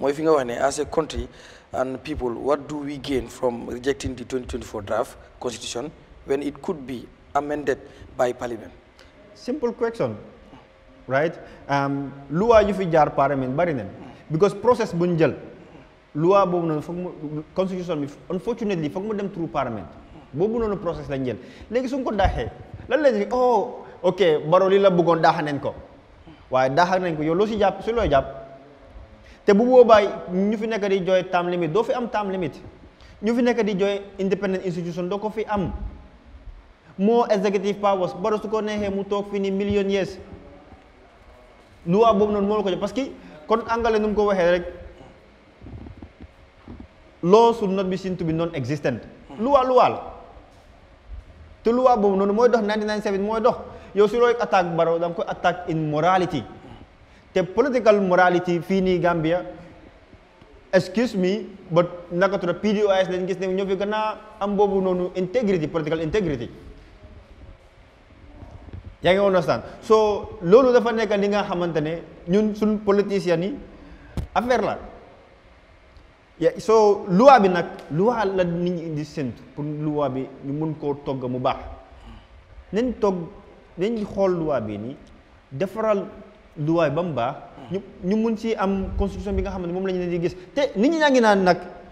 mooy fi nga wax ne as a country and people what do we gain from rejecting the 2024 draft constitution when it could be amended by parliament. simple question right um, luwaa yu fi jaar parliament bari nañ because process bu ñu jël luwaa boobu noonu foog mu constitution bi unfortunately foog mu dem through parliament boobu noonu process lañ jël léegi su ko daaxee lan lañ oh ok baro li la bëggoon daaxa nañ ko waaye daaxa nañ ko yow loo si jàpp si jàpp. te bu boobaay ñu fi nekk di jooy time limit doo fi am time limit ñu fi nekk di jooy independent institution doo ko fi am moo executive powers baro su ko neexee mu toog fi ni million years loi boobu noonu moo la ko jox parce que kon àngale nu mu ko waxee rek loo su not be seen to be non existent loi loi la te loi boobu noonu mooy dox 1997 mooy dox yow su looy attaque baro da nga koy attaque in morality te political morality fi ni Gambia excuse me but naka tudd pdos dañ gis ne ñu fi gëna am bobu nonu integrity political integrity ya nga wono stan so lolu dafa nek li nga xamantene ñun sun politiciens ni affaire la ya, so loi bi nak loi la nit ñi indi sent pour loi bi ñu mën ko togg mu baax nañ togg nañ xol loi bi ni defaral duwaay ba mu baax. ñu ñu mun si am constitution bi nga xam ne moom la ñu leen gis te nit ñi ñaa ngi naan nag